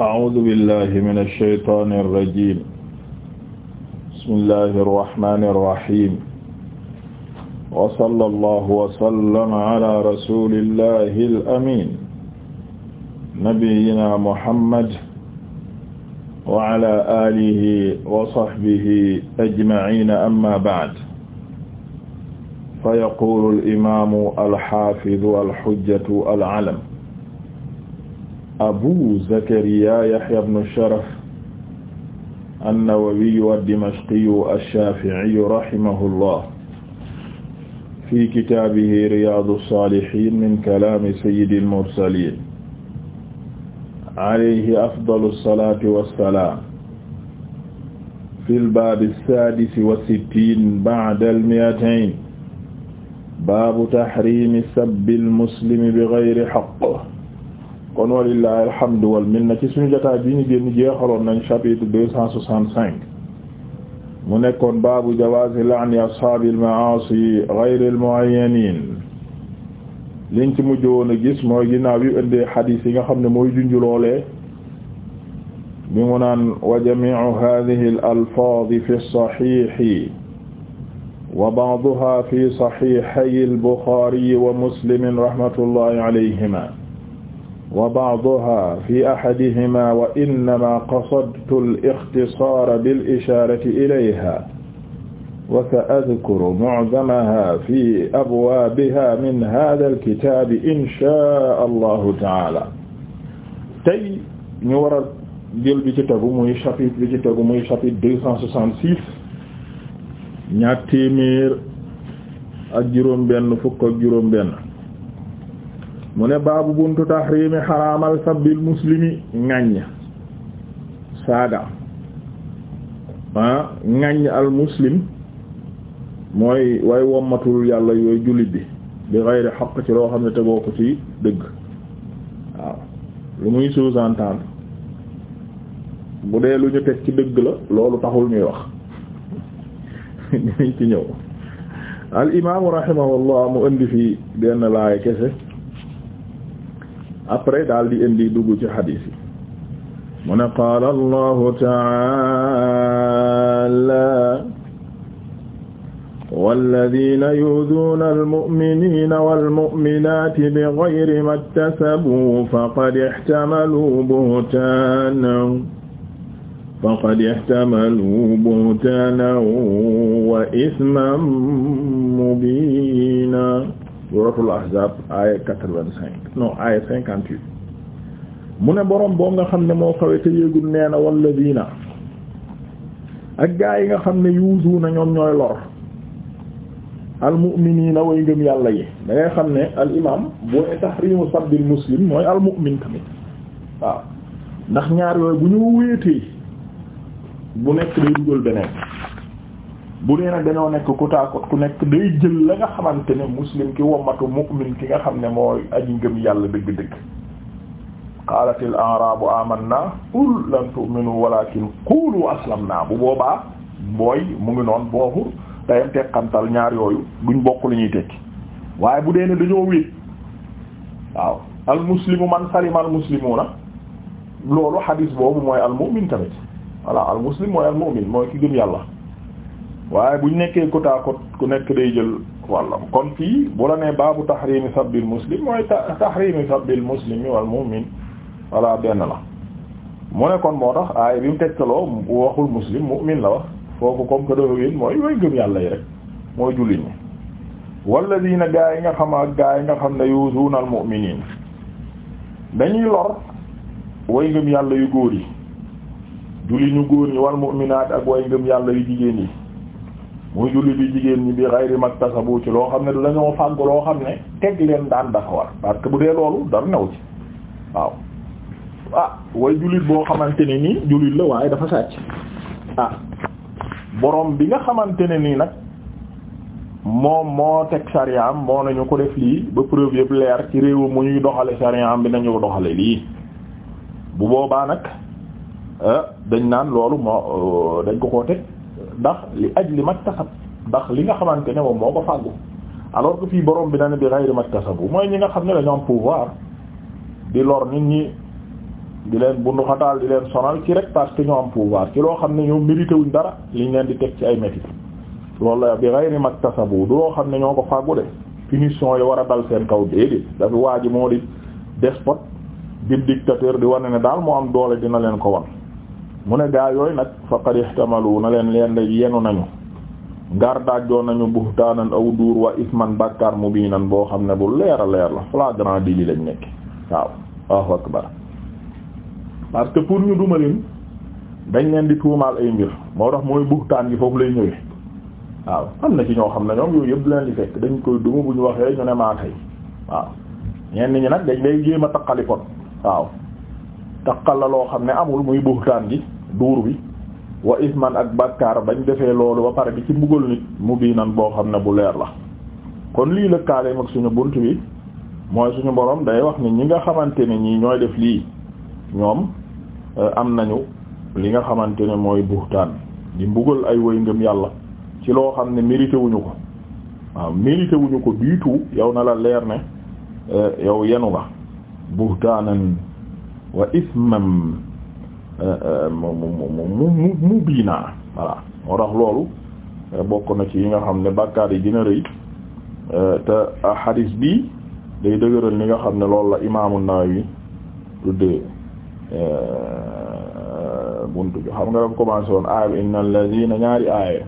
أعوذ بالله من الشيطان الرجيم بسم الله الرحمن الرحيم وصلى الله وسلم على رسول الله الأمين نبينا محمد وعلى آله وصحبه أجمعين أما بعد فيقول الإمام الحافظ الحجة العلم abu zakariya yahya ibn sharaf annawawiyu ad-dimashqiyu ash-shafi'iyu rahimahullah fi kitaabihi riyaadu saalihiin min kalaami sayyidil mursaliin alayhi afdalu salaati wa salaam fil baabi saadisi wa sittiin ba'dal mi'atayn baabu tahriimi sabbil muslimi bighayri haqq kon walillahi alhamdu wal minna ci suñu jotaay bi ñu génn jeexaloon nañ chapitre deux cent soixante-cinq mu nekkoon baabu jawaazi la'ni ashaabil ma'aasi ghayril mu'ayyaniin liñ ci mujj woon a gis mooy ginnaaw yu indee xadiis yi nga xam ne mooy junju loolee bi mu naan wa jamii'u haadhihi al-alfaaz fi as-sahiih wa ba'duhaa fi sahiihayi al-Buxaari wa Muslim rahmatullahi alayhimaa wa ba'duhaa fi ahadihimaa wa innamaa qasadtu al-ikhtisaara bil-ishaarati ilayhaa wa sa'adhkuru mu'zamahaa fi abwaabihaa min haadha al-kitaabi inshaa Allahu ta'aalaa. tey ñu war a jël bi ci tegu muy chapitre bi ci tegu muy chapitre deux cent soixante-six ñaar téeméer ak juróom-benn fukk ak juróom-benn. mu ne baabu buntu tahrimi xaraamal sabbil muslimi ŋàññ saaga ah al muslim mooy way wommatul yàlla yooyu jullit bi bi gayri xaq ci loo xam ne tegoo ko ci dëgg waaw lu muy sous bu dee lu ñu teg ci dëgg la loolu taxul ñuy wax ñu ci ñëw al imaamu rahimahullah mu indi fi benn laay kese après daal di indi dugg ci xadiis yi mu ne qaala allahu taala walladina yuduuna almuminina walmuminati bigayri ma ktasabuu faqad ixtamaluu buhtaanan faqad ixtamaluu buhtaanan wa isman mubiina suratul ahzab aaya quatre-vingt-cinq non aaya cinquante mu ne borom boo nga xam ne moo xawe te yéegul nee na walladina ak gaa yi nga xam ne yuusuuna ñoom ñooy lor almu'miniina way ngëm yàlla yi da xam ne al imam boo ne tahrimu sabbil muslim mooy almu'min tamit waaw ndax ñaari yooyu bu ñu wéetee bu nekk day dugal beneen bu dee nag dañoo nekk kutaakot ku nekk day jël la nga xamante ne muslim ki wommatu mu'min ki nga xam ne mooy aji ngëm yàlla dëgg-dëgg qaalatil arabu amanna qul lan tu'minu walakin qulu aslamna bu boobaa booy mu ngi noon boobu dayam teqantal ñaar yooyu duñ bokk lu tekki waaye bu dee ne dañoo wéet waaw al man salima al muslimuna loolu xadiis boobu mooy al mu'min tamit voilà al mooy al mooy ki gëm yàlla waaye buñ nekkee côte à ku nekk day jël wàllam kon fii bu la nee baabu tahrimi sabbil muslim mooy tahrimi sabbil muslimi wal mu'min walla benn la mu ne kon moo tax aay bi mu tegtaloo waxul muslim mu'min la wax foofu comme que dafa wéen mooy yooyu gëm yàlla yi rek mooy jullit ñi walladina gaa yi nga xam ak gaa yi nga xam ne yu al mu'miniin dañuy lor way ngëm yàlla yu góor yi jullit ñu góor ñi wal mu'minaat ak way ngëm yàlla jigéen yi muy julli bi jigéen ñi bi xayri maktasabu ci loo xam ne du dañoo fàggu loo xam ne teg leen daan dafa war parce que bu dee loolu dara new ci waaw ah way jullit boo xamante ne nii jullit la waaye dafa sàcc ah borom bi nga xamante ne nii nag moom moo teg sariyaam moo nañu ko def lii ba preuve yëpp leer ci réew mu ñuy doxale sariyaam bi nañu ko doxale lii bu boobaa nag ah, dañ naan loolu moo euh, dañ ko koo teg ndax li li ajli maktasab ndax li nga xamante ne moom moo ko fàggu alors que fii borom bi na dana bi ghayri maktasabu mooy ñi nga xam ne dañoo am pouvoir di lor nit ñi di leen daal di leen sonal ci rek parce que ñoo am pouvoir ci loo xam ne ñoo mérité wuñ dara liñ leen di teg ci ay métit loolu la bi ghayri maktasabu du loo xam ne ñoo ko fàggu de punition yi war a dal seen kaw déedéet dafa waa ji moo di despote di dictateur di wane ne daal moo am doole dina leen ko wan mu ne gaa yooyu nag faqad ihtamalu na leen leen yenu nañu ngaar daajoo nañu buhtaanan aw duur wa isman bàkkaar mubiinan boo xam ne bu leer leer la flagrant délit lañ nekk waaw waaw akbar parce que pour ñu duma leen dañ leen di tuumaal ay mbir moo tax mooy buhtaan gi foofu lay ñëwee waaw am na ci ñoo xam ne ñoom yooyu yëpp leen di fekk dañ koy duma bu ñu waxee ñu ne maa tey waaw ñenn ñi nag dañ lay jéem a taqali kon waaw taqal xam ne amul muy buhtaan gi duur bi wa isman ak bàkkaar bañ defee loolu ba pare bi ci mbugal nit mu bii nan boo xam ne bu leer la kon lii la kaaleem ak suñu bunt bi mooy suñu borom day wax ni ñi nga xamante ne ñi ñooy def lii ñoom euh, am nañu li nga xamante ne mooy buxtaan di mbugal ay woy ngëm yàlla ci loo xam ne mérité wuñu ko waaw mérité ko du tout yow na la leer ne euh, yow yenu nga buxtaanan wa ismam mu mu mu mu loolu eh, bokk na ci yi nga xam ne bàkkaar yi dina rëy eh, te hadis ah, bi day dëgëral li nga xam ne loolu la imam Nawawi tudde eh, buntu bi xam nga dafa commencé woon aaya bi inna alladina ñaari aaya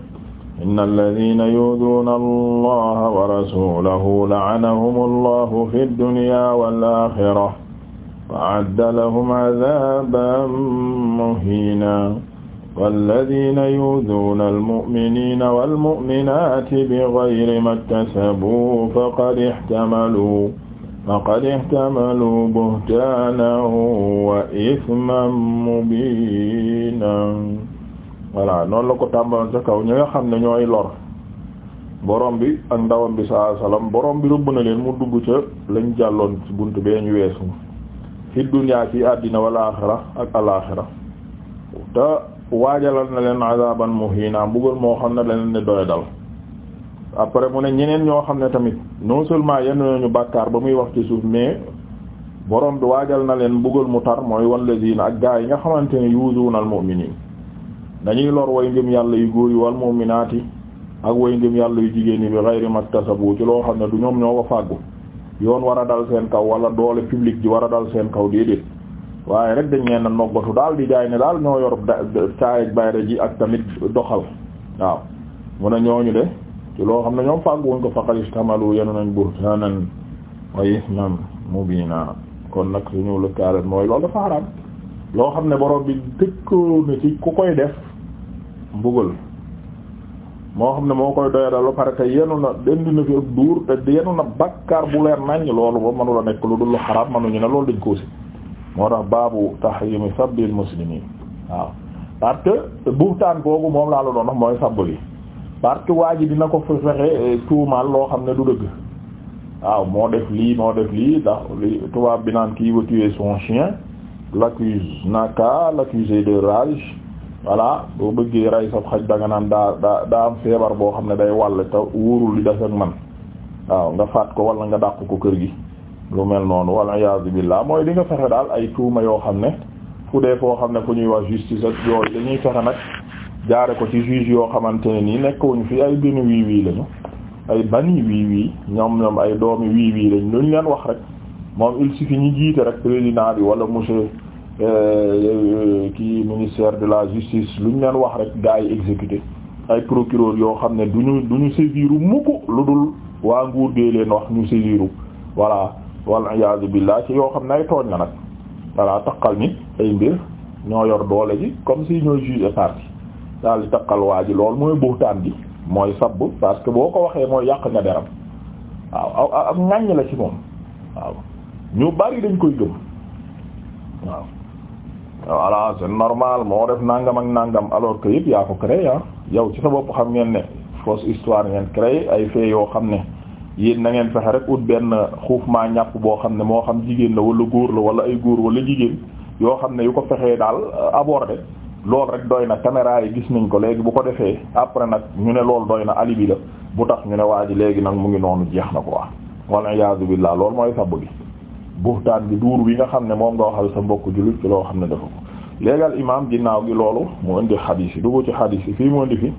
inna alladina yu'dhuna allaha wa rasulahu la'anahum allahu fid dunya wal fa'adda lahum 'adhaban muhiina walladhiina yu'dhuuna al-mu'miniina wal-mu'minaati bighayri ma iktasabuu faqad ihtamaluu faqad ihtamaluu buhtaanan wa ithman mubiinan voilà noonu la ko tàmbaloon ca kaw ñi nga xam ne ñooy lor borom bi ak ndawam bi saa salaam borom bi rëbb na leen mu dugg ca lañ jàlloon ci buntu bee ñu weesu. fi dunya fi àddina wal aaxira ak al aaxira te waajalal na leen azaban muhina mbugal moo xam ne leen ne doy dal après mu ne ñeneen ñoo xam ne tamit non seulement yenn nañu bàkkaar ba muy wax ci suuf mais borom bi waajal na leen mbugal mu tar mooy wallazina ak gaa yi nga xamante ne yuzuuna al mu'miniin dañuy lor way ngëm yàlla yu góor yi wal yi ak way ngëm yàlla yu jigéen yi bi ghayri maktasabu ci loo xam ne du ñoom ñoo ko fàggu yoon war a dal seen kaw wala doole publique ji war a dal seen kaw déedéet waaye rek dañ leen a noggatu daal di jaay ne daal ñoo yor caayeg bayre ji ak tamit doxal waaw mun a ñooñu de ci loo xam ne ñoom fàgguwuñ ko faqad istamalu yenu nañ buhtaanan wa isman mubiina kon nag suñu lëkkaale mooy lool dafa xaraam loo xam ne borom bi tëkkoo ci ku koy def mbugal moo xam ne moo koy doyadal ba pare te yenu na dendi na fi ak duur te yenu na bakkaar bu leer naññ loolu ba mënula nekk lu dul lu xaraam mënuñu ne loolu dañ ko si moo tax baabu tahrimi sabbil muslimiin waaw parce que buutaan boobu moom laa la doon wax mooy sabb bi parce que waa ji dina ko fa fexe eh, tuumaal loo xam ne du dëgg waaw moo def lii moo def lii ndax tubaab bi naan kii va son chien l'accuse naka l'accusé de rage voilà boo bëggee ray sa xaj da naan daa daa daa am feebar boo xam ne day wàll te wóorul li def ak man waaw nga faat ko wala nga dàq ko kër gi lu mel noonu wala iyaazu billaah mooy li nga fexe daal ay tuuma yoo xam ne fu dee foo xam ne fu ñuy wax justice ak yooyu dañuy fexe nag jaare ko ci juge yoo xamante ne nii nekkuñu fi ay benn wii wii lañu ay bani wii wii ñoom ñoom ay doomi wii wii lañ ñu leen wax rek moom il suffit ñu jiite rek président bi wala monsieur Euh, kii ministère de la justice lu ñu leen wax rek gaa yi exécuté ay procureur yoo xam ne du ñu du ñu saisiru mukk lu dul waa nguur gee leen wax ñu wala voilà wal iyaazu billaah ci yoo xam ne ay tooñ la nag voilà taqal nit ay mbir ñoo yor doole ji comme si ñooy juge et daal di taqal waa ji loolu mooy buxtaan bi mooy sabb parce que boo ko waxee mooy yàq nga deram waaw aw ak ŋàññ la ci moom waaw ñu bari dañ koy gëm waaw voilà c'est normal moo def nangam ak nangam alors que yaa ko créé ah yow ci sa bopp xam ngeen ne fausse histoire ngeen créé ay fee yoo xam ne yéen na ngeen fexe rek ut benn xuuf maa ñàpp boo xam ne moo xam jigéen la wala góor la wala ay góor wala jigéen yoo xam ne yu ko fexee daal euh, abordé loolu rek doy na caméra yi gis nañ ko léegi bu ko defee après nag ñu ne loolu doy na alibi la bu tax ñu ne waa ji léegi nag mu ngi noonu jeex na ko wal iyaazu billaah buxtaan bi duur bi nga xam ne moom nga waxal sa mbokk jullit ci loo xam ne dafa ko léegal imam ginnaaw gi loolu mu indi xadis yi dugg ci xadis yi fii mu indi fi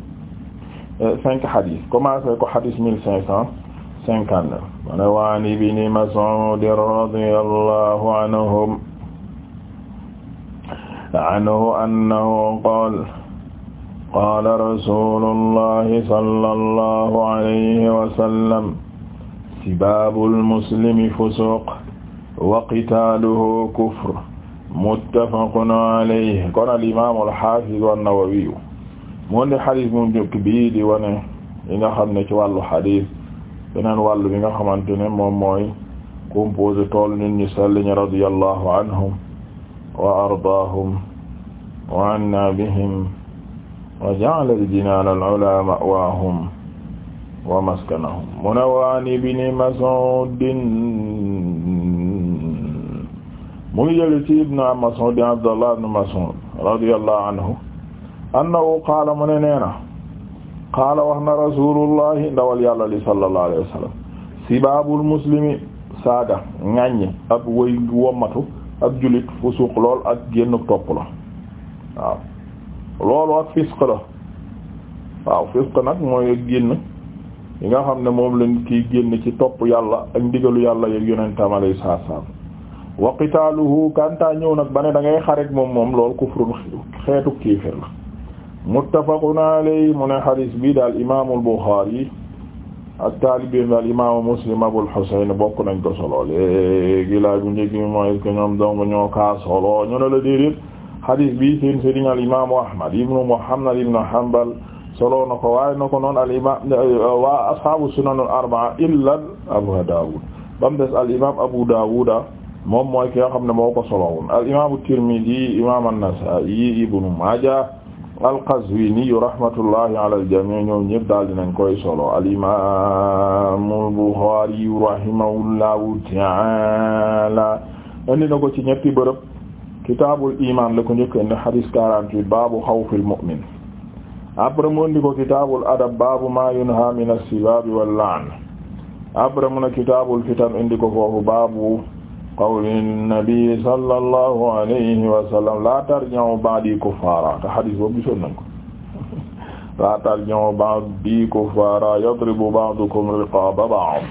eh, cinq xadis commencé ko xadis mille cinq cent cinquante neuf ma ne waan ibni Mas'ud radiyallahu anhum anhu annahu qaala qaala rasulullahi sallallahu alayhi wa sallam sibaabul muslimi fusuuq wa qitaaluhu kufr muttafaqun alayhi kon al imaam al haafiz an-Nawawi moo ne xadis mu njëkk bii di wane li nga xam ne ci wàllu xadis beneen wàllu bi nga xamante ne moom mooy composé tool nit ñi sell ñi radiyallahu anhum wa ardaahum wa anna bihim wa ja'ala al-jinaan al-'ulaa ma'waahum wa maskanahum mu ne wa an Ibni Mas'uud mu ngi jëli ci ibnu Mas'ud di Abdallah ibnu Mas'ud radiyallahu anhu annahu qaala mu ne nee na qaala wax na rasulullahi ndawal yàlla li sallallahu alayhi wa sallam sibaabul muslimi saaga ŋàññi ab wëy wommatu ab jullit fusuq lool ak génn topp la waaw loolu ak fisq la waaw fisq nag mooy ak génn yi nga xam ne moom lañ kiy génn ci topp yàlla ak ndigalu yàlla yeg yonentam alayhi salaam wa qitaaluhu kanta ñëw nag ba ne da moom moom lool kufrun xeetu kiifir la muttafaqun alayhi mu ne xadis bi daal imaamul Buxaari ak taalibeem daal imaamu Muslim Abul Husayn bokk nañ ko solo léegi laaj bu njëkk mooy que ñoom dong ñoo kaa solo ne la déedéet xadis bi seen sëriñ al imaamu Ahmad ibnu Muhammad ibnu Hanbal solo na ko waaye na ko noon al imaam waa ashaabu sunanul arbaa illa Abu Daawud bam des al imaam Abu Daawuda moom mooy ki nga xam ne moo ko solowoon al imaamu Tirmidi imaam an-Nasaa'i ibnu Maaja al-Qazwini rahmatullahi ala al-jamii' ñoom ñëpp daal dinañ koy solo al imaamu Buxaari rahimahullahu ta'ala indi na ko ci ñetti bërëb kitaabul imaan la ko njëkk indi hadis 48 baabu xawfil mu'min après mu indi ko kitaabul adab baabu maa yunhaa mina as-sibaab wal-la'n après mu na kitaabul fitan indi ko foofu baabu qawli nabi sallallahu alayhi wa sallam la tarji'u ba'di kuffara te xadis boobu gisoon nañ ko la tarji'u ba'di kuffara yadribu ba'dukum riqaba ba'd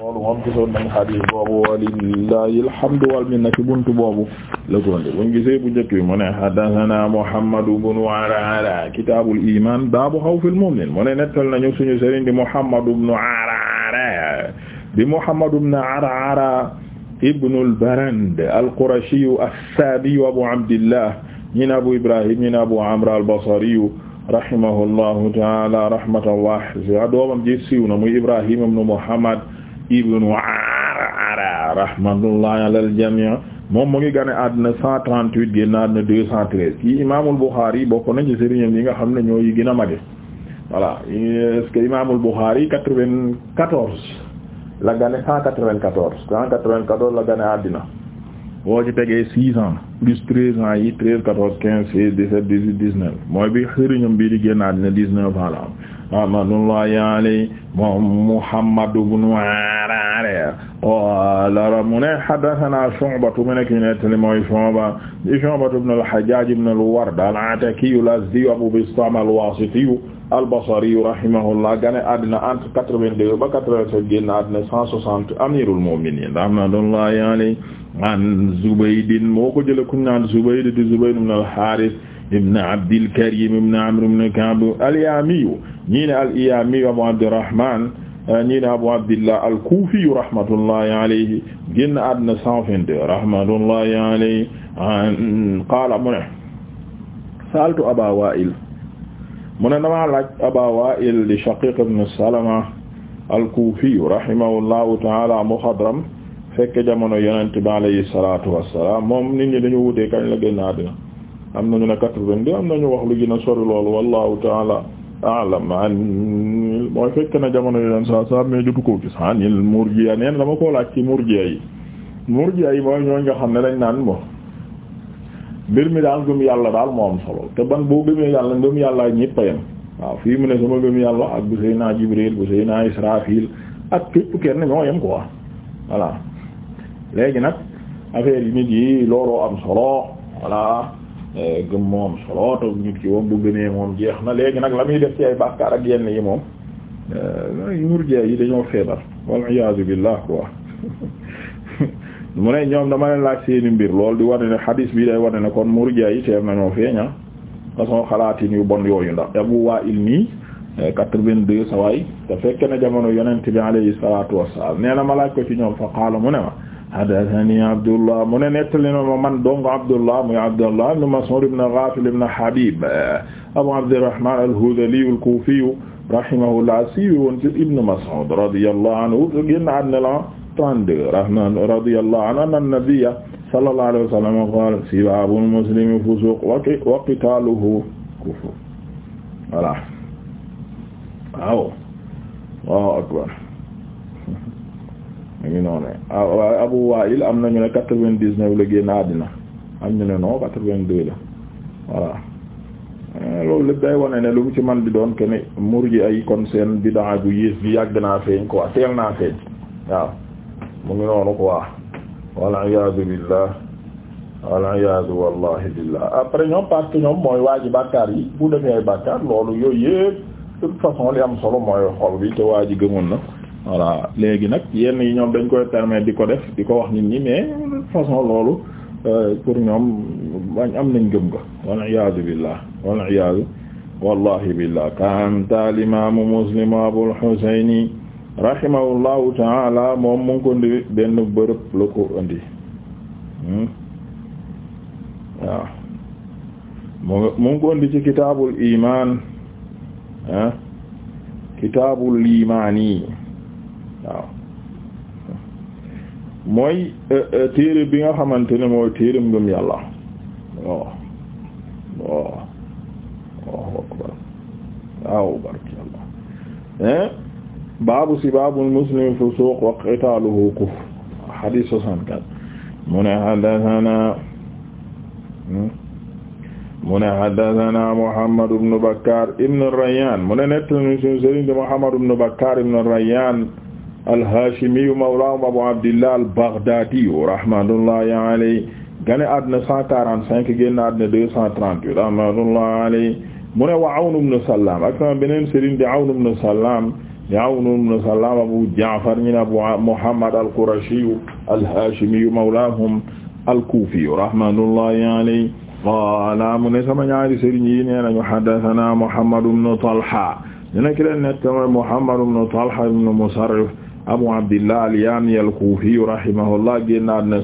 loolu moom gisoon nañ xadis boobu walillahi alhamdu wal minna ci buntu boobu la ko ndi buñ gisee bu njëkk bi mu ne haddathana Muhammad ibn Arara kitaabul iimaan baabu xawfil mu'min mu ne nettal nañu suñu sëriñ di Muhammad ibn Arara di Muhammad ibn Arara ibnu al-Barand al-Qurashiyu as-Saabiyu Abu Abdillah ñi Abu Ibrahim ñi Abu Amr al-Basriyu rahimahullahu ta'ala rahmatan waasi'a doomam ji siiw na muy Ibrahim ibnu Muhammad ibnu Ar'ara rahmatullahi ala al-jamii' moom mo ngi gane àddina 138 génn àddina 213 kii Imaamul Buxaari na ci sëriñam yi nga xam ne yi gën a mage voilà est-ce que Imaamul la gane cent quatre-vingt-quatorze cent quatre-vingt-quatorze la gane àddina boo ci tegee six ans plus treize ans yi treize quatorze quinze seize dix-sept dix-huit dix-neuf mooy bi xëriñam bii di génn àddina dix-neuf ans la am rahmatullahi alayhi moom Muhammad ibn Araara qaala mu ne haddathanaa Shu'ba mu nekk ñu nettali mooy Shu'ba di Shu'ba ibn al-Hajjaaj ibn al-Ward al-Ataki al-Azdi Abu Bistaam al-Waasiti al-Basri rahimahullah gane àddina entre quatre-vingt-deux ba quatre-vingt-sept génn àddina cent soixante amiirul mu'miniin rahmatullahi alayhi an Zubayd moo ko jëlee ku ñu naan Zubayd di Zubayd ibn al-Haaris ibn Abdil Karim ibn Amr ibn Ka'b al-Yamiyu ñii ne al-Yamiyu Abu Abdirrahman ñii ne Abu Abdillah al-Kufiyu rahmatullahi alayhi génn àddina 122 rahmatullahi alayhi qaala mu ne saaltu Aba Wa'il mu ne damaa laaj Aba Wa'il di Shaqiq ibn Salama al-Kufiyu rahimahullahu ta'ala muxadram fekk jamono Yonent bi alayhi salaatu wa salaam moom nit ñi dañu wute kañ la génn àddina am nañu ne quatre-vingt-deux am nañu wax lu gën a sori loolu wallahu taala a'lam an mooy fekk na jamono yeneen saa saa mais jotu koo gis anil murjiya neen dama koo laaj ci murjiya yi murjiya yi mooy ñooñ nga xam ne lañ naan moo mbir mi daal gëm yàlla daal moo am solo te ban boo gëmee yàlla ngëm yàlla ñëpp a yem fii mu ne sama gëm yàlla ak bu Seydina Jibril bu Seydina Israfil ak képp kenn ñoo ko quoi voilà léegi nag affaire yi nit yi looloo am solo gëm moom soloota nit ki moom bu gënee moom jeex na léegi nag la muy def ci ay bàkkaar ak yenn yi moom euh, murjee yi dañoo feebar wal iyaazu billah quoi mu ne ñoom dama leen laaj seeni mbir lool di wane ne hadis bi day wane ne kon murjee yi teem nañoo feeña ah. façon xalaatin yu bon yooyu ndax Abu Wa'il nii eh, quatre-vingt-deux sa waay te fekk na jamono yonent bi alayhi salaatu wassalaam nee na ma laaj ko ci ñoom fa qaala mu ne ma hadathani abdullah mu ne nettali na ma man dong abdullah muy abdullah ibn mas'ud ibn ghafil ibn habib abu abdirrahman al-hudhali al-kufi rahimahullah siiwi woon ci ibn mas'ud radiyallahu anhu génn àddina la 32 radiyallahu anhu anna nabiyya sallallahu alayhi wa sallam qala sibaabul muslimi fusuuq wa qitaaluhu kufr voilà waaw waaw akbar mu ngi noonu Abu Wa'il am nañu ne quatre-vingt-dix-neuf gi génn àddina am ñu ne non quatre-vingt-deux la voilà eh, loolu lépp day wane ne lu ci man di doon kenn murji ay kon seen bidaa bu yées bi yàgg naa feeñ quoi teel naa feeñ waaw mu ngi noonu quoi wal iyaadu billah wal iyaadu wallahi billah après ñoom parce que ñoom mooy waa ji bàkkaar yi bu defee ay bàkkaar loolu yooyu yëpp de toute façon li am solo mooy xol bi te waa ji gëmoon na voilà léegi nag yenn yi ñoom dañ koy permettre di ko def di ko wax nit ñi mais façon loolu euh, pour ñoom bañ am nañ gëm nga wal iyaadu billah wal iyaadu wallahi billah kanta al imaamu muslim abul husayni rahimahullahu moom mu ngi ko ndi benn bërëb la ko indi hmm? waaw mu ngi ko indi ci kitaabul imaan ah kitaabul waaw mooy euh, euh, téere bi nga xamante ne mooy téeram ngëm yàlla waaw waaw waaw akbar waaw barki yàlla eh? baabu si baabul muslim fusuuq wa qitaaluhu kufr hadith soixante-quatre mu ne haddathana hmm? mu ne Muhammad ibn Bakkaar ibn Rayyaan mu ne nettali sunu Muhammad ibn Bakkaar ibn Rayyaan al-Haashimiyu mawlaahum Abu Abdillah al-Baghdaadiyu rahmatullahi alayhi gane àddina cent quarante-cinq génn àddina deux cent trente-huit rahmatullahi alayhi mu ne wa Awn ibn Sallaam ak sama beneen sëriñ di Awn ibn Sallaam di Awn ibn Sallaam Abu Ja'far ñu ne Abu Muhammad al-Qurashiyu al-Haashimiyu mawlaahum al-Kuufiyu rahmatullahi alayhi qaala mu ne sama ñaari sëriñ yi nee nañu haddathanaa Muhammad ibn Talha ñu ne ki leen nekk mooy Muhammad ibn Talha ibn Musarrif Abu Abdillah al-Yaami al-Kuufi rahimahullah génnaat na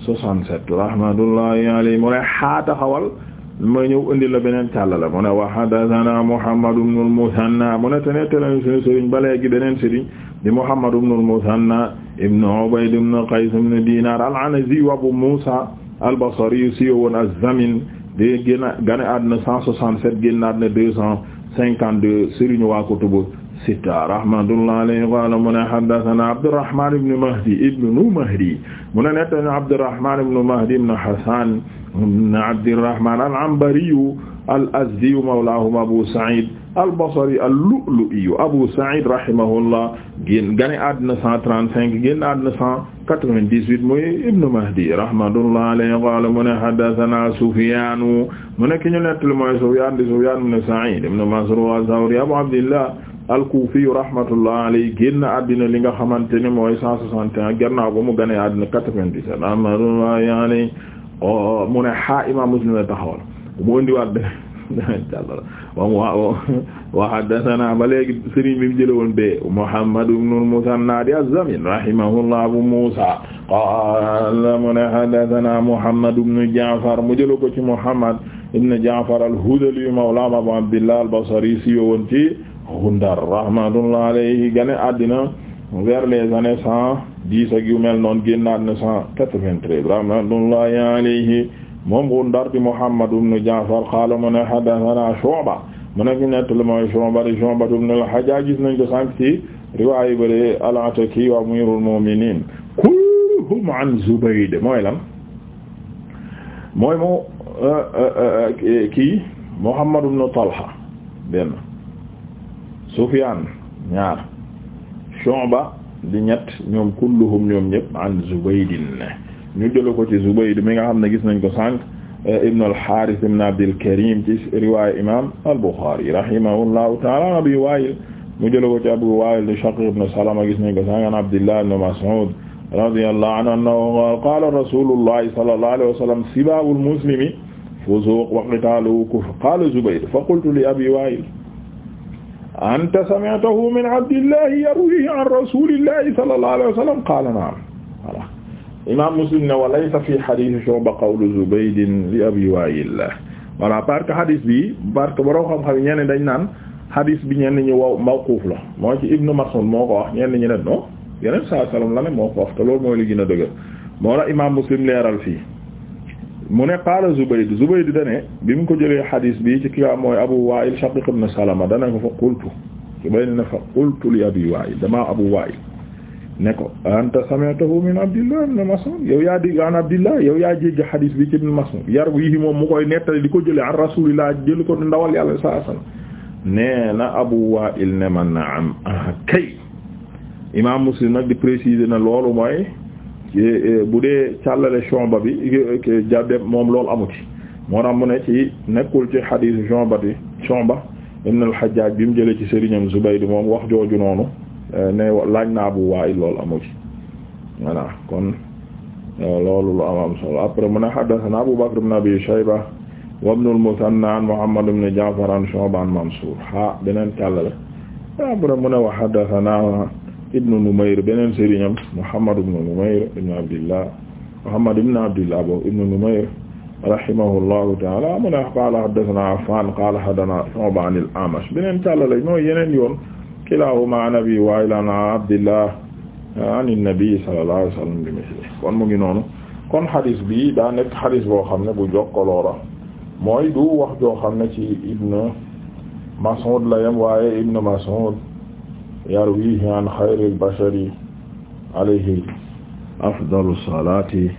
167 rahmatullahi alayhi mu ne xaa taxawal ma ñëw indi la beneen càllala mu ne wa haddasanaa Muhammad ibn al-Muthanna mu ne te ne telani suñu sëriñ ba léegi beneen sëriñ di Muhammad ibn al-Muthanna ibn Ubayd ibn Qays ibn Dinar al-Anazi wa Abu Muusa al-Basri si woon az-Zamin di génn gane àdduna 167 génnaat na 252 sëriñ waa kutubu sitta rahmatullah alayhi qala mu ne haddathana Abdurrahman ibn Mahdi ibn Mahdi mu ne nettani Abdurrahman ibn Mahdi ibn Hasan ibn Abdurrahman al-Anbari al-Azdi mawlahum Abu Sa'id al-Basri al-Lu'lu'i Abu Sa'id rahimahullah génn gane àddina 135 génn àddina 198 muy Ibn Mahdi rahmatullah alayhi qala mu ne haddathana Sufyan mu ne ki ñu nettali mooy Sufyan di Sufyan ibn Sa'id ibn Masruq az-Zuhri Abu Abdillah al-Kufi rahmatullah alayhi génn àddina li nga xamante ne mooy 161 gannaaw ba mu gane àddina 97 rahmatullah yaani mu ne ha imam Muslim la taxawal mu indiwaat jàll wa wa haddathana ba léegi sëriñ bi mu jëlee woon bee Muhammad ibn al-Musanna di az-Zamin rahimahullah Abu Musa qala mu ne haddathana Muhammad ibn Ja'far mu jëlee ko ci Muhammad ibn Ja'far al-Hudhali mawla Abu Abdillah al-Basri si woon ci Gundar rahmatullah alayhi gane àddina vers les années cent dix ak yu mel noonu génnaat na cent quatre-vingt-treize rahmatullahi alayhi moom Gundar di Muhammad ibn Ja'far qaala mu ne haddathana Shu'ba mu nekk nettali mooy Shu'ba di Shu'ba ibn al-Hajjaj gis nañ ko sànq ci riwaaya bi al-Ataki wa amirul mu'minin kulluhum an Zubayd mooy lan mooy mu eh, eh, eh, kii Muhammad ibn Talha benn Sufyaan ñaar Shu'ba di ñett ñoom kulluhum ñoom ñëpp an Zubaydin ñu jël ko ci Zubayd mi nga xam ne gis nañ ko sànq eh, ibn al-Harith ibn Abdil Karim ci riwaaya imam al-Bukhari rahimahullahu ta'ala Abi Wa'il mu jël ko ci Abu Wa'il di Shaqiq ibn Salama gis nañ ko sànq an Abdillah ibn Mas'ud radiyallahu anhu annahu qala rasulullah sallallahu alayhi wa sallam sibaa'ul muslimi fusuuq wa qitaaluhu kufr qala Zubayd fa qultu li Abi Wa'il anta sami'tahu min abdillahi yarwihi an rasulillahi sallallahu alayhi wa sallam qaala na'am voilà imam Muslim ne wa laysa fi hadith Shu'ba qawlu Zubayd li Abi Wa'il voilà parce que hadith bi parce que borom xam-xam dañ naan hadith bi ñenn ñi wow mawquuf la moo ci Ibnu Mas'ud moo ko wax ñenn ñi ne non yeneen saa salaam la ne moo ko te loolu mooy li gën a dëgër moo la imam Muslim leeral fii mu ne qaala Zubayd Zubayd dane bi mu ko jëlee xadiis bi ci kii mooy Abu Wa'il Shaqiq ibn Salama dana ko fa qultu Zubayd ne fa qultu li Abi Wa'il damaa Abu Wa'il ne ko anta sami'tahu min Abdillah ibn Mas'ud yow yaa dégg an yow yaa jéggi xadiis bi ci ibn Mas'ud yar yi moom mu koy nettali di ko jëlee an Rasulillah jëli ko ndawal yàlla sallallahu alayhi wasallam ne na Abu Wa'il ne ma na'am kay imaam Muslim nag di préciser na loolu mooy bu dee càllale Shu'ba bi jade moom loolu amu ci moo tax mu ne ci nekkul ci xadiis Shu'ba bi Shu'ba ibn al-Hajjaj bi mu jëlee ci sëriñam Zubayr moom wax jooju noonu ne laaj naa bu waay loolu amu ci voilà kon loolu lu am am solo après mu ne haddathana Abu Bakr ibn Abi Shayba wa ibn al-Muthanna an Muhammad ibn Ja'far an Shu'ba an beneen càllale après mu ne wa haddathana ibnu Numayr beneen sëriñam Muhammad ibnu Numayr ibnu Abdillah Muhammad ibnu Abdillah boobu ibnu Numayr rahimahullahu taala mu ne qaala haddathana Affan qaala haddathana Shu'ba an amash beneen càllala yeneen yoon kilahuma an Abi Wa'il an Abdillah an an-Nabi sallallahu alayhi wa sallam bi misli kon mu ngi kon xadis bi daa nekk xadis boo xam ne bu jokkaloo la mooy du wax joo xam ne ci Ibnu Mas'ud la yem waaye Ibnu Mas'ud yarwihi an xayril bashari alayhi afdalu salaati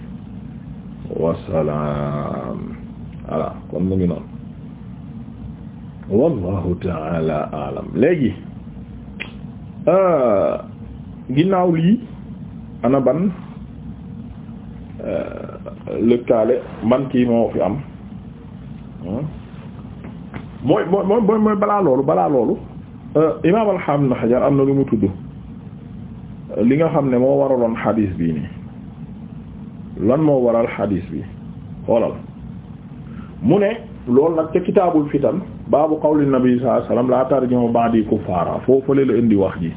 wa salaam voilà kon mu ngi noonu alam léegi euh, ginnaaw lii ana ban euh, lëkkaale man kii moo fi am mooy mooy mooy balaa loolu Euh, imaam alxaam na xajar am na lu mu tudd li nga xam ne moo waraloon xadiis bii nii lan moo waral xadiis bi xoolal mu ne loolu nag ca kitaabul fitan baabu qawli nabi sallallahu alayhi wasallam la tarjumu ba'di kuffaara foofale la indi wax ji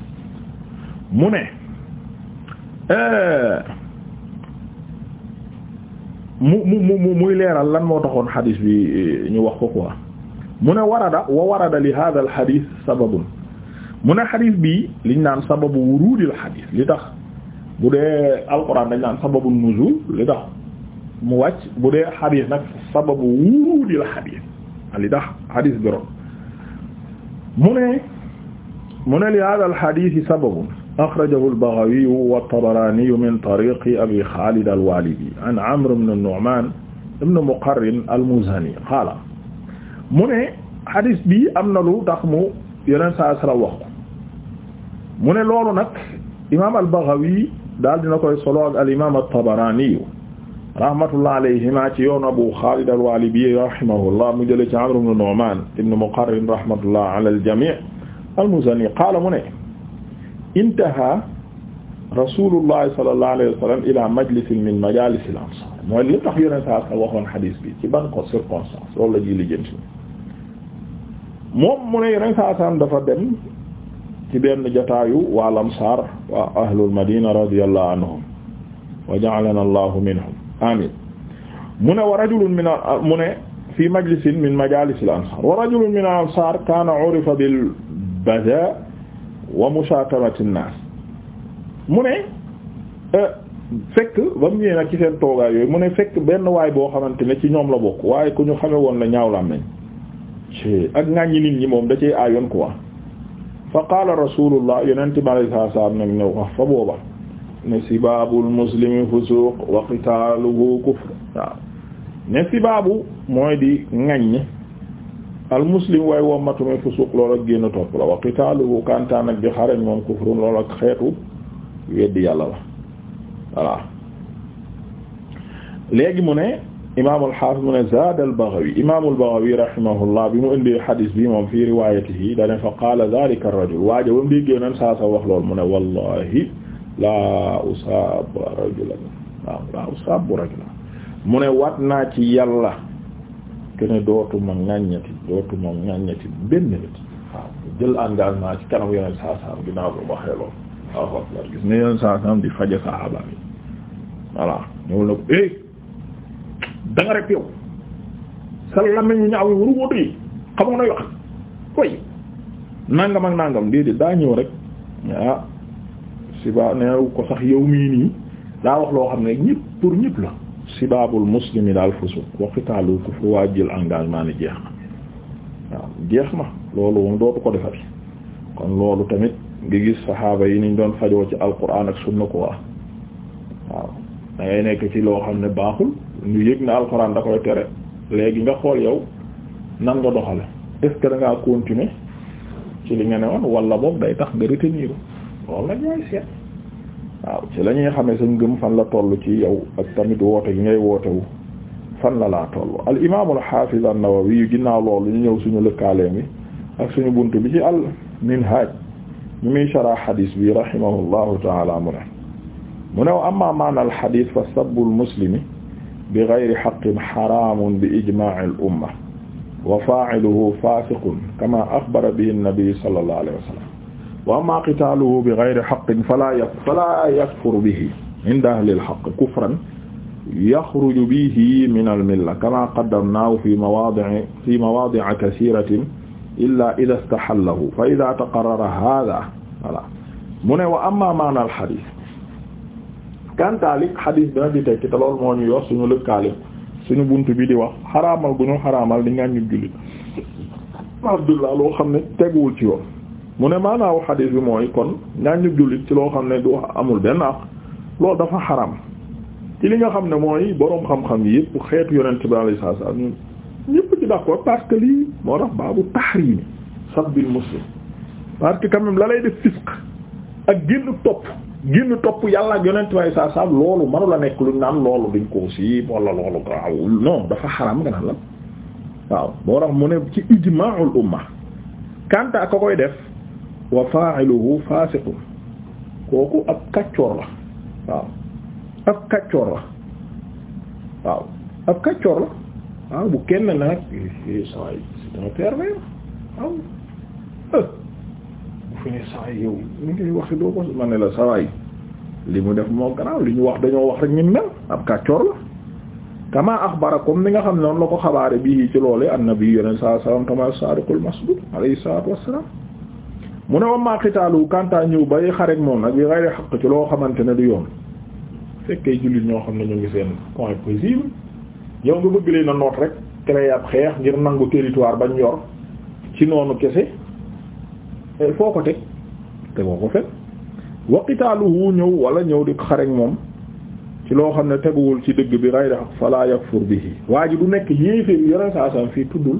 mu ne euh, mu mu mu muy leeral lan moo taxoon xadiis bi euh, ñu wax ko quoi mu ne warada wa warada li hada al xadis sababun mu ne xadis bii liñ naan sababu wuruudil xadis li tax bu dee alquran dañ naan sababu nuzul li tax mu wàcc bu dee xadis nag sababu wuruudil xadis ah, li tax xadis bi rot mu ne mu ne li hada al xadis sababun axrajahu al-Baghawi wa at-Tabarani min tariqi abi Xaalid al-Waalidi an Amr ibn Nu'man ibn Muqarrin al-Muzani qaala mu ne hadis bi am na lu tax mu yeneen saa sara wax ko mu ne loolu nag imaam al-Baghawi daal dina koy solo ak al imaam at-Tabarani rahmatullah alayhima ci yoon Abu Khalid al-Walibi rahimahullah mu jëlee ci Amr ibn Nu'man ibn Muqarrin rahmatullah ala al-jami' al-Muzani qaala mu ne intaha rasulullah sallallahu alayhi wa sallam ila majlisin min majalis al-ansar mooy li tax yeneen saa sara waxoon hadis bi ci ban ko circonstance loolu la ñuy lijjanti moom mu ne yeneen saa saam dafa dem ci benn jataayu waa lamsaar waa ahlul madina radiyallahu anhum wa ja'alana allahu minhum amin mu ne wa rajulun min mu ne fi majlisin min majalisil ansar wa rajulun min al ansar kana urifa bil baza wa mushatamati nnaas mu ne e, fekk ba mu ñëwee nag ci seen toogaay yooyu mu ne fekk benn waay boo xamante ne ci ñoom la bokk waaye ku ñu xame woon la ñaaw la am nañ ak ŋàññi nit ñi moom da cee aayoon quoi fa qaala rasulullah yonente bi alay saa salaam nag ne wax fa booba ne sibaabul muslimi fusuuq wa qitaaluhu kufr waaw ne sibaabu mooy di ŋàññ al muslim way wommatumi fusuuq loolu ak génn topp la wa qitaaluhu kantaan ak di xarañ moom kufrun loolu ak xeetu weddi yàlla la voilà léegi mu ne imaam al-Haafiz mu ne zaada al-Baghawi imaam al-Baghawi rahimahullah bi mu indee xadis bi moom fii riwaayatihi dane fa qaala zaalika ar-rajul waaja ba mu déggee nan saa sa wax lool mu ne wallahi laa usaabu rajulan waaw laa mu ne waat naa ci yàlla kene dootuma ŋàññati dootuma ŋàññati benn nit waaw jël engagement ci kanam yeneen saa saam ginnaaw bu waxee lool waaw gis ne yeneen saa saam di faje saxaaba yi voilà ñëw la ko eh! da nga rek yow sa làmmiñ ñaaw yi waru woo doy xamoo nay wax koy nangam ak nangam déedéet daa ñëw rek ah siba neew ko sax yow mii nii daa wax loo xam ne ñëpp pour ñëpp la sibaabul muslimi daal fusuq wa qitaalu kufr waa jël engagement ni jeex na waaw jeex na loolu dootu ko defati kon loolu tamit nga gis saxaaba yi niñ doon fajoo ci alquran ak sunna ko waa waaw da nekk ci loo xam ne baaxul ñu yëg na alxuraan da koy tere léegi nga xool yow nan nga doxale est ce que da continuer ci li nga ne woon wala boobu day tax nga retenir loolu la ñooy seet waaw ci la ñuy xamee sa ngëm fan la toll ci yow ak tamit woote gi ngay wootewu fan la laa toll al imaam al xaafiz an-Nawawi yu ginnaaw loolu ñu ñëw suñu lëkkaaleem mi ak suñu bunt bi ci al minhaj ñu muy shara xadis bi rahimahullahu taala mu ne mu ne wa amma maana al xadis fa sabbul muslimi bi gayri xaqin xaraamun bi ijmaa'il umma wa faa'iluhu faasiqun kamaa axbara bihi nabi sallallahu alayhi wa sallam wa ammaa qitaaluhu bi gayri xaqin falaa yakfuru bihi inda ahlil xaq kufran yaxruju bihi minal milla kamaa qaddamnaahu fii mawaadi'i fii mawaadi'a kasiiratin illaa idaa istahallahu fa idaa taqarrara haadaa voilà mu ne wa ammaa ma'nal hadiis gantaali xadiis bi nag di tekki te loolu moo ñu yor suñu lëkkaale suñu bunt bi di wax xaraamal gu ñu xaraamal di nga ñu jullit abdullah loo xam ne teguwul ci yoon mu ne maanaawu xadiis bi mooy kon ñaañu jullit ci loo xam ne du amul benn ak loolu dafa xaram ci li nga xam ne mooy boroom xam-xam yëpp xeetu yonent bi alayhi salaam ñun ñëpp ci d'accord parce que lii moo tax baabu tahrimi sabbil muslim parce que la lay def fisq ak génn topp génn topp yàlla ak yonent waaye saa saa loolu manu la nekk luñ naan loolu duñ koo si wala loolu garawul non dafa xaraam nga naan la waaw moo tax mu ne ci ijma'ul umma kanta ak ka koy def wa fa'iluhu fasiqun kooku ab kaccoor la waaw ab kaccoor la waaw ab kaccoor la waaw ah, bu kenn nag eh, eh, c'est un pervers waaw euh. que ne saa yow ni ngay waxe doo ko ma ne la sawaay li mu def moo garaaw li ñu wax dañoo wax rek ñu mel ab kàccoor la kamaa axbara comme ni nga xam ne noonu la ko xabaare bii ci loole annabi yoneen saa salaam kama saadiqul masduq alayhi salaatu wassalaam mu ne wammaa xitaalu kantaa ñëw bay xarek moom nag bi xayri xaq ci loo xamante ne du yoon fekkee jullit ñoo xam ne ñu ngi seen point possible yow nga bëgg leen a noot rek créer ab xeex ngir nangu territoire bañ yor ci noonu kese Eh, foo ko teg tegoo ko fen waqitaaluhu ñëw wala ñëw di xarek moom ci loo xam ne teguwul ci dëgg bi ray dax fala bi bihi waa ji du nekk yéeféer bi yoneen saa sam fii tuddul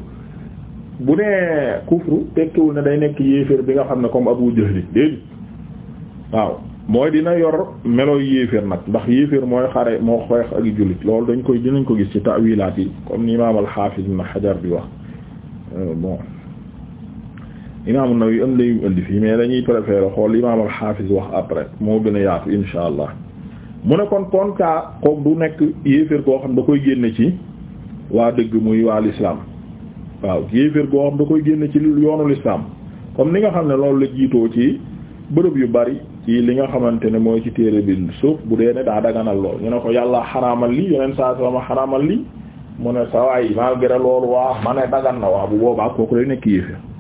bu ne kufru tekkiwul ne day nekk yéeféer bi nga xam ne comme Abu Jahli déedéet waaw mooy dina yor melo yéeféer nag ndax yéeféer mooy xare moo xooy ak jullit loolu dañ koy dinañ ko gis ci ta'wilaat yi comme ni imaam al-Hafiz Ibn Hajar bi wax euh, bon imaamu Nawawi am lañu indi fii mais dañuy préférer xool imaam al-Hafiz wax après moo gën a yaatu mu ne kon kon kaa kook du nekk yéeféer koo xam da koy génne ci waa dëgg muy waa waaw yéeféer koo xam da ci yoonu l'islam comme ni nga xam ne loolu la jiitoo ci bërëb yu bari ci li nga xamante ne mooy ci téere bi suuf bu dee ne daa daganal lool ñu ne ko yàlla xaraamal li yeneen saa sama xaraamal li mu ne sa waay malgré loolu waa ma ne dagan na waa bu boobaa kooku lay nekk yéeféer